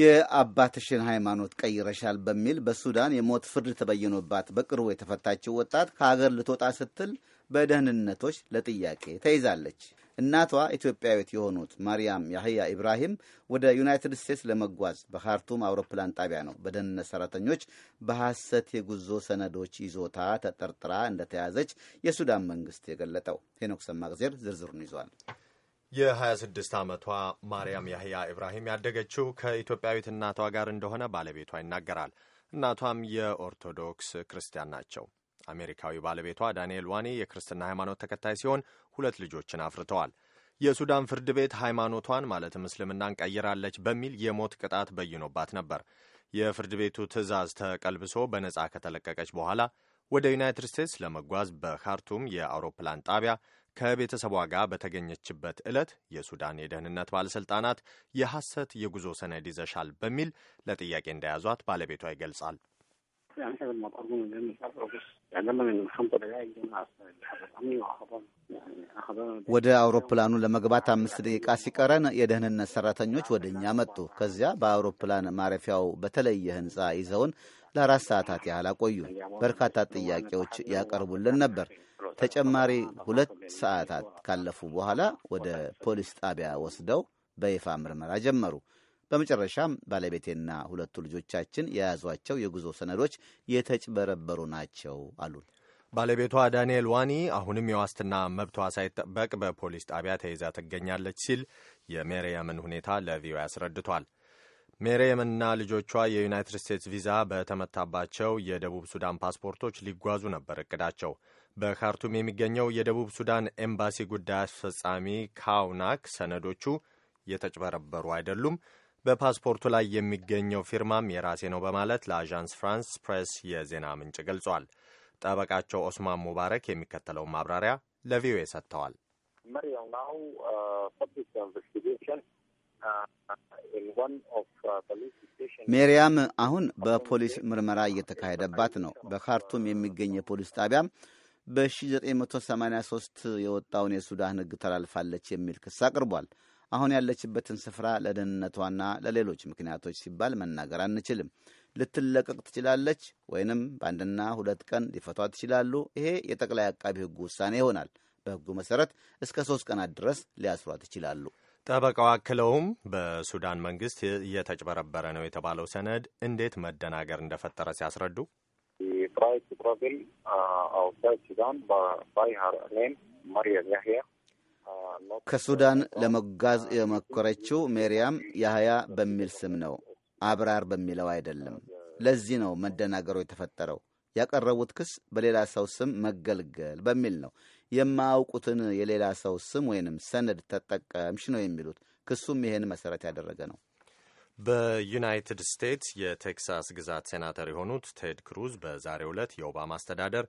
የአባትሽን ሃይማኖት ቀይረሻል በሚል በሱዳን የሞት ፍርድ ተበይኖባት በቅርቡ የተፈታችው ወጣት ከሀገር ልትወጣ ስትል በደህንነቶች ለጥያቄ ተይዛለች። እናቷ ኢትዮጵያዊት የሆኑት ማርያም ያህያ ኢብራሂም ወደ ዩናይትድ ስቴትስ ለመጓዝ በካርቱም አውሮፕላን ጣቢያ ነው በደህንነት ሰራተኞች በሐሰት የጉዞ ሰነዶች ይዞታ ተጠርጥራ እንደተያዘች የሱዳን መንግስት የገለጠው። ሄኖክ ሰማግዜር ዝርዝሩን ይዟል። የ26 ዓመቷ ማርያም ያህያ ኢብራሂም ያደገችው ከኢትዮጵያዊት እናቷ ጋር እንደሆነ ባለቤቷ ይናገራል። እናቷም የኦርቶዶክስ ክርስቲያን ናቸው። አሜሪካዊ ባለቤቷ ዳንኤል ዋኒ የክርስትና ሃይማኖት ተከታይ ሲሆን ሁለት ልጆችን አፍርተዋል። የሱዳን ፍርድ ቤት ሃይማኖቷን ማለትም እስልምናን ቀይራለች በሚል የሞት ቅጣት በይኖባት ነበር። የፍርድ ቤቱ ትዕዛዝ ተቀልብሶ በነጻ ከተለቀቀች በኋላ ወደ ዩናይትድ ስቴትስ ለመጓዝ በካርቱም የአውሮፕላን ጣቢያ ከቤተሰቧ ጋር በተገኘችበት ዕለት የሱዳን የደህንነት ባለሥልጣናት የሐሰት የጉዞ ሰነድ ይዘሻል በሚል ለጥያቄ እንደያዟት ባለቤቷ ይገልጻል። يعني هذا المطار من ضمن بس يعني لما الحمد لله ጀምራ ወደ አውሮፕላኑ ለመግባት አምስት ደቂቃ ሲቀረን የደህንነት ሰራተኞች ወደ እኛ መጡ። ከዚያ በአውሮፕላን ማረፊያው በተለየ ህንፃ ይዘውን ለአራት ሰዓታት ያህል አቆዩ። በርካታ ጥያቄዎች ያቀርቡልን ነበር። ተጨማሪ ሁለት ሰዓታት ካለፉ በኋላ ወደ ፖሊስ ጣቢያ ወስደው በይፋ ምርመራ ጀመሩ። በመጨረሻም ባለቤቴና ሁለቱ ልጆቻችን የያዟቸው የጉዞ ሰነዶች የተጭበረበሩ ናቸው አሉ። ባለቤቷ ዳንኤል ዋኒ አሁንም የዋስትና መብቷ ሳይጠበቅ በፖሊስ ጣቢያ ተይዛ ትገኛለች ሲል የሜሪየምን ሁኔታ ለቪኦኤ አስረድቷል። ሜሪየምና ልጆቿ የዩናይትድ ስቴትስ ቪዛ በተመታባቸው የደቡብ ሱዳን ፓስፖርቶች ሊጓዙ ነበር እቅዳቸው። በካርቱም የሚገኘው የደቡብ ሱዳን ኤምባሲ ጉዳይ አስፈጻሚ ካውናክ ሰነዶቹ የተጭበረበሩ አይደሉም በፓስፖርቱ ላይ የሚገኘው ፊርማም የራሴ ነው በማለት ለአዣንስ ፍራንስ ፕሬስ የዜና ምንጭ ገልጿል። ጠበቃቸው ኦስማን ሙባረክ የሚከተለውን ማብራሪያ ለቪኦኤ ሰጥተዋል። ሜሪያም አሁን በፖሊስ ምርመራ እየተካሄደባት ነው። በካርቱም የሚገኝ የፖሊስ ጣቢያም በ1983 የወጣውን የሱዳን ሕግ ተላልፋለች የሚል ክስ አቅርቧል። አሁን ያለችበትን ስፍራ ለደህንነቷና ለሌሎች ምክንያቶች ሲባል መናገር አንችልም። ልትለቀቅ ትችላለች፣ ወይንም በአንድና ሁለት ቀን ሊፈቷ ትችላሉ። ይሄ የጠቅላይ አቃቢ ሕጉ ውሳኔ ይሆናል። በሕጉ መሰረት እስከ ሶስት ቀናት ድረስ ሊያስሯት ይችላሉ። ጠበቃው አክለውም በሱዳን መንግስት እየተጭበረበረ ነው የተባለው ሰነድ እንዴት መደናገር እንደፈጠረ ሲያስረዱ የጥራይ ፕሮቪል አውሳይ ሱዳን ባይ ሀረሬን መርየም ያህያ ከሱዳን ለመጓዝ የሞከረችው ሜሪያም ያህያ በሚል ስም ነው፣ አብራር በሚለው አይደለም። ለዚህ ነው መደናገሩ የተፈጠረው። ያቀረቡት ክስ በሌላ ሰው ስም መገልገል በሚል ነው። የማያውቁትን የሌላ ሰው ስም ወይንም ሰነድ ተጠቀምሽ ነው የሚሉት። ክሱም ይህን መሰረት ያደረገ ነው። በዩናይትድ ስቴትስ የቴክሳስ ግዛት ሴናተር የሆኑት ቴድ ክሩዝ በዛሬው ዕለት የኦባማ አስተዳደር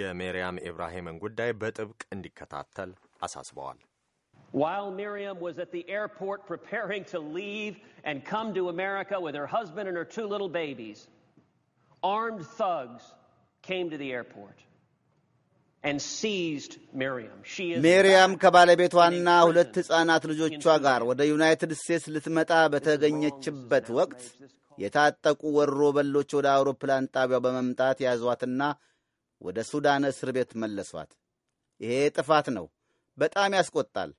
የሜርያም ኢብራሂምን ጉዳይ በጥብቅ እንዲከታተል አሳስበዋል። While Miriam was at the airport preparing to leave and come to America with her husband and her two little babies, armed thugs came to the airport. ሜርያም ከባለቤቷና ሁለት ሕፃናት ልጆቿ ጋር ወደ ዩናይትድ ስቴትስ ልትመጣ በተገኘችበት ወቅት የታጠቁ ወሮ ወደ አውሮፕላን ጣቢያው በመምጣት ያዟትና ወደ ሱዳን እስር ቤት መለሷት። ይሄ ጥፋት ነው። በጣም ያስቆጣል።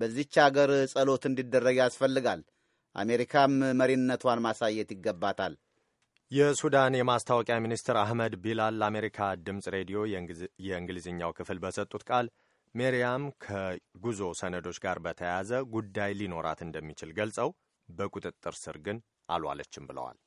በዚች አገር ጸሎት እንዲደረግ ያስፈልጋል። አሜሪካም መሪነቷን ማሳየት ይገባታል። የሱዳን የማስታወቂያ ሚኒስትር አህመድ ቢላል ለአሜሪካ ድምፅ ሬዲዮ የእንግሊዝኛው ክፍል በሰጡት ቃል ሜሪያም ከጉዞ ሰነዶች ጋር በተያያዘ ጉዳይ ሊኖራት እንደሚችል ገልጸው በቁጥጥር ስር ግን አልዋለችም ብለዋል።